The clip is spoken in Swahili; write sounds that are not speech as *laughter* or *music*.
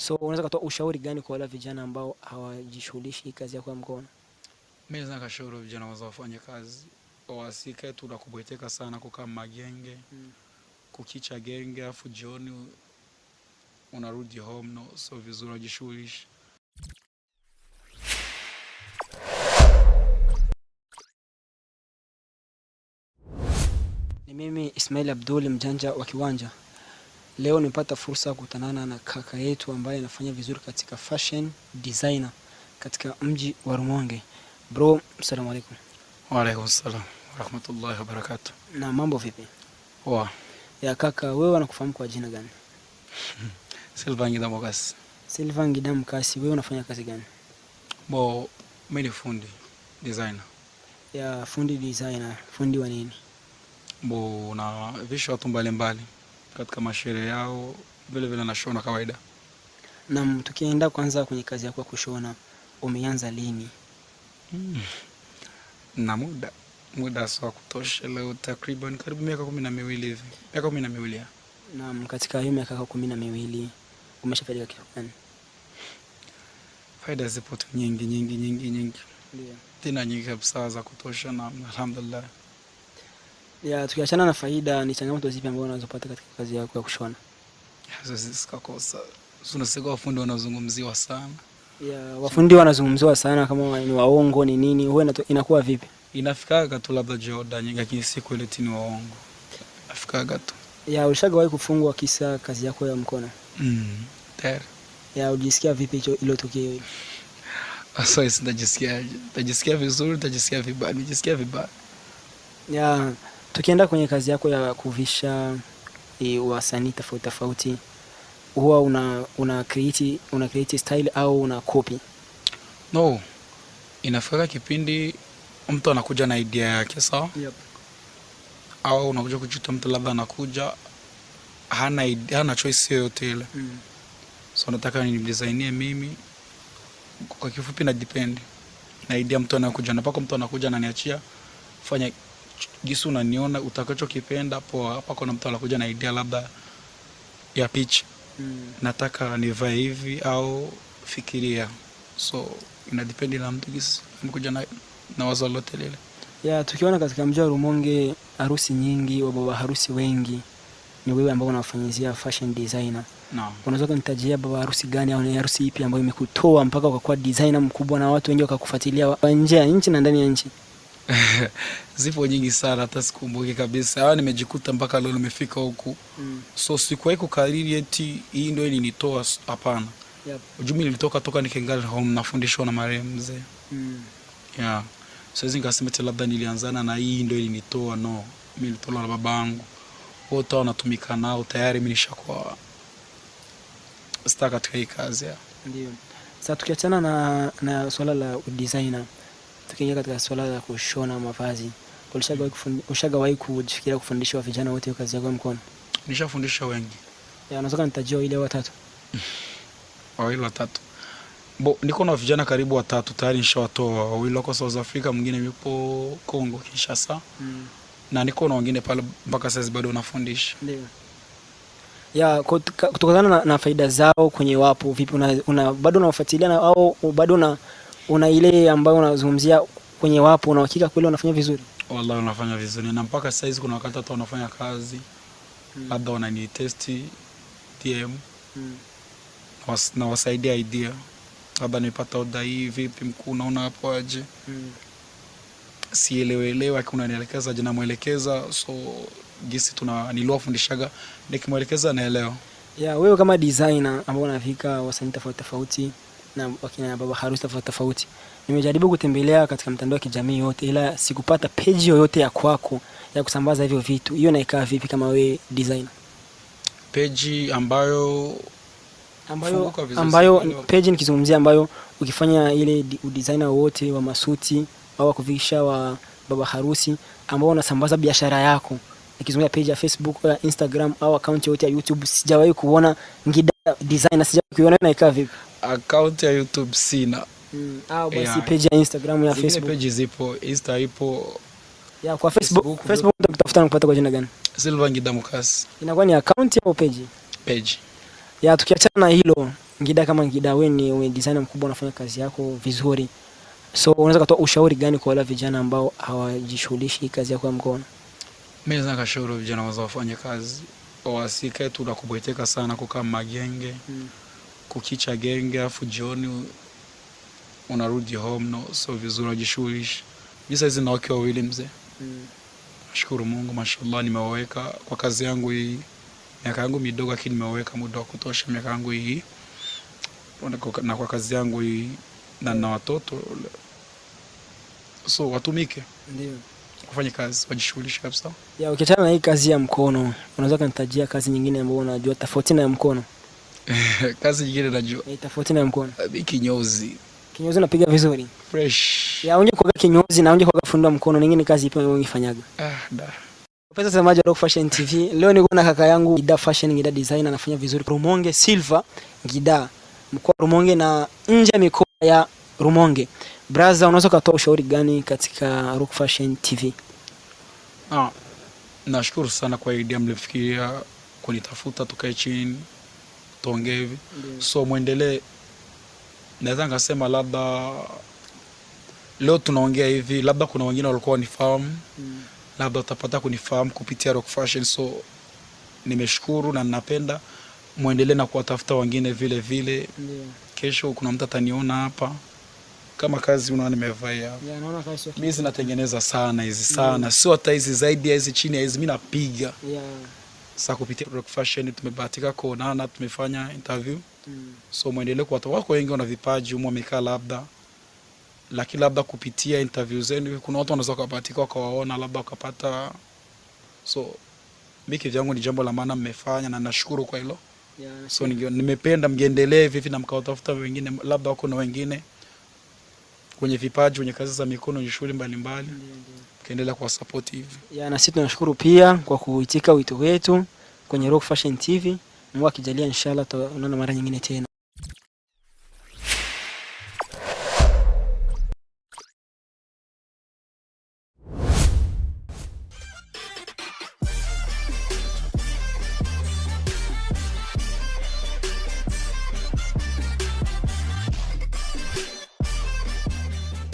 So unaweza kutoa ushauri gani kwa wale vijana ambao hawajishughulishi kazi ya kwa mkono? Mimi naweza kashauri vijana waza wafanye kazi, wasikae tu na kubweteka sana, kukaa magenge mm. kukicha genge, afu jioni unarudi home, no so vizuri, wajishughulishe. Ni mimi Ismail Abdul Mjanja wa Kiwanja. Leo nimepata fursa ya kutanana na kaka yetu ambaye anafanya vizuri katika fashion designer katika mji wa Rumonge. Bro, asalamu alaykum. Wa alaykum salam wa rahmatullahi wa barakatuh. Na mambo vipi? Poa. Ya kaka, wewe unakufahamu kwa jina gani? *laughs* Silvan Gidamu Kasi. Silvan Gidamu Kasi, wewe unafanya kazi gani? Bo, mimi ni fundi designer. Ya fundi designer, fundi wa nini? bo na visha watu mbalimbali katika masherehe yao vile vile na shona kawaida. Na tukienda kwanza kwenye kazi yako ya kushona, umeanza lini? Hmm. na muda muda sawa kutosha, leo takriban karibu miaka kumi na miwili hivi, miaka kumi na miwili. Naam, katika hiyo miaka kumi na miwili umeshafaidika kitu gani? Faida zipo tu nyingi nyingi nyingi nyingi, tena nyingi kabisa za kutosha, na alhamdulillah ya, tukiachana na faida, ni changamoto zipi ambazo unazopata katika kazi yako ya kushona? Wafundi wanazungumziwa sana. Ya, wafundi wanazungumziwa sana kama ni waongo ni nini, huwa inakuwa vipi? Inafikaga tu labda joda nyingi, lakini si kweli ni waongo. Afikaga tu. Ya, ulishagawahi kufungwa kisa kazi yako ya mkono? Mm, tayari. Ya, Ujisikia vipi hicho ilo tukio hilo? Ah, Sasa sitajisikia, tajisikia vizuri, tajisikia vibaya, nijisikia vibaya. Ya. Tukienda kwenye kazi yako ya kuvisha e, wasanii tofauti tofauti huwa una, una, create, una create style au una copy? No, inafika kipindi mtu anakuja na idea yake sawa, yep. Au unakuja kujuta mtu labda anakuja hana, idea, hana choice yoyote ile mm. So nataka designie mimi, kwa kifupi na depend na idea mtu anakuja na pako, mtu anakuja ananiachia fanya gisi unaniona utakachokipenda poa. Hapa kuna mtu anakuja na idea labda ya picha mm. nataka nivae hivi au fikiria, so inadipendi na mtu jinsi amekuja na, na wazo lolote lile ya tukiona katika mji wa Rumonge harusi nyingi, wababa harusi wengi ni wewe ambao unafanyizia fashion designer. Naam. Unaweza kunitajia baba harusi gani au ni harusi ipi ambayo imekutoa mpaka ukakuwa designer mkubwa na watu wengi wakakufuatilia nje ya nchi na ndani ya nchi? *laughs* zipo nyingi sana, hata sikumbuki kabisa. Yaani nimejikuta mpaka leo nimefika huku mm. So sikuwahi kukariri eti hii ndio ilinitoa, hapana. Yep. Ujumi nilitoka toka nikiingia home nafundishwa na marehemu mzee mm. yeah. Siwezi so, nikasema eti labda nilianzana na hii ndio ilinitoa, no. mi nilitolewa na baba babangu, wote wanatumika nao tayari, mimi nishakuwa sta katika hii kazi. Ndio sasa tukiachana na, na swala la udesigner tukiingia katika swala la kushona mavazi, ulishagawahi mm. kujifikiria kufundisha vijana wote kazi yako mkono? Nishafundisha wengi. Unataka nitajia ile watatu? *laughs* Wawili watatu. Bo, niko na vijana karibu watatu tayari nishawatoa. Wawili wako South Africa, mwingine yupo Congo Kinshasa. Mm. Na niko na wengine pale mpaka sasa bado nafundisha. Ndio. Ya, kutokana na, na faida zao kwenye wapo vipi una, una bado unawafuatilia au bado una una ile ambayo unazungumzia kwenye wapo, una uhakika kweli unafanya vizuri? Wallahi unafanya vizuri, na mpaka sasa hizi kuna wakati hata unafanya kazi mm. labda wanani test TM mm. Was, na wasaidia idea labda nimepata oda hii, vipi mkuu, naona hapo aje mm. sielewelewa, nielekeza je, namwelekeza so gisi tuna niliwafundishaga nikimwelekeza naelewa. Yeah, wewe kama designer ambao unafika wasanii tofauti tofauti na wakina baba harusi tofauti tofauti. Nimejaribu kutembelea katika mtandao wa kijamii yote, ila sikupata peji yoyote ya kwako ya kusambaza hivyo vitu. Hiyo naikaa vipi kama we design Peji ambayo ambayo, ambayo peji nikizungumzia ambayo ukifanya ile designer wote wa masuti au wa kuvisha wa baba harusi ambao unasambaza biashara yako, nikizungumzia peji ya Facebook au Instagram au akaunti yote ya YouTube, sijawahi kuona ngida designer Ukiona inaika vipi? Account ya YouTube sina. Mm. Ah, basi yeah. Page ya Instagram ya Facebook. Page zipo, Insta ipo. Yeah, kwa Facebook, Facebook, Facebook utakutafuta na kupata kwa jina gani? Silva Ngida Mukasi. Inakuwa ni account au page? Page. Ya tukiachana na hilo, Ngida kama Ngida wewe ni wewe designer mkubwa unafanya kazi yako vizuri. So unaweza kutoa ushauri gani kwa wale vijana ambao hawajishughulishi kazi yako ya mkono? Mimi naweza kashauri vijana wazao wafanye kazi, wasikae tu na kubweteka sana kukaa magenge. Mm kukicha genge, afu jioni unarudi home, no so vizuri, unajishughulisha. Mimi sasa hizi na wake wawili mzee. Mm. Nashukuru Mungu, mashallah nimewaweka kwa kazi yangu hii. Miaka yangu midogo lakini nimewaweka muda wa kutosha miaka yangu hii. Na kwa kazi yangu hii na na watoto so watumike. Ndio. Wafanye kazi, wajishughulishe kabisa. Ya ukiachana na hii kazi ya mkono, unaweza kanitajia kazi nyingine ambayo unajua tofauti na ya mkono? *laughs* kazi nyingine najua e, tofauti na mkono mimi kinyozi kinyozi unapiga vizuri fresh ya unje kwa kinyozi na unje kwa kufunda mkono ningine kazi ipo ungefanyaga ah da Pesa semaji wa Rock Fashion TV. Leo niko na kaka yangu Gida Fashion Gida Design anafanya vizuri Rumonge Silver Gida. Mkoa Rumonge na nje mikoa ya Rumonge. Brother, unaweza kutoa ushauri gani katika Rock Fashion TV? Ah, nashukuru sana kwa idea mlifikiria kunitafuta tukae chini tuongee hivi yeah. So mwendelee, naweza nikasema labda leo tunaongea hivi, labda kuna wengine walikuwa wanifahamu mm. labda utapata kunifahamu kupitia Rock Fashion. So nimeshukuru na ninapenda mwendelee na kuwatafuta wengine vile vile yeah. Kesho kuna mtu ataniona hapa kama kazi unaona nimevaa Yeah, naona kazi. Mimi zinatengeneza sana hizi hmm. sana. Yeah. Sio hata hizi zaidi ya hizi chini ya hizi mimi napiga. Yeah. Sasa kupitia Rock Fashion tumebahatika kuonana na tumefanya interview mm. So mwendelee kwa wako wengi wana vipaji humo wamekaa labda, lakini labda kupitia interview zenu kuna watu wanaweza kubahatika wakawaona labda wakapata. So mimi kivyangu ni jambo la maana mmefanya na nashukuru kwa hilo yeah. So nimependa mgendelee vivi na mkawatafuta wengine, labda wako na wengine kwenye vipaji, kwenye kazi za mikono, kwenye shughuli mbalimbali yeah, yeah tutaendelea kwa support hivi. Ya na sisi tunashukuru pia kwa kuitika wito wetu kwenye Rock Fashion TV. Mungu akijalia, inshallah tunaona mara nyingine tena.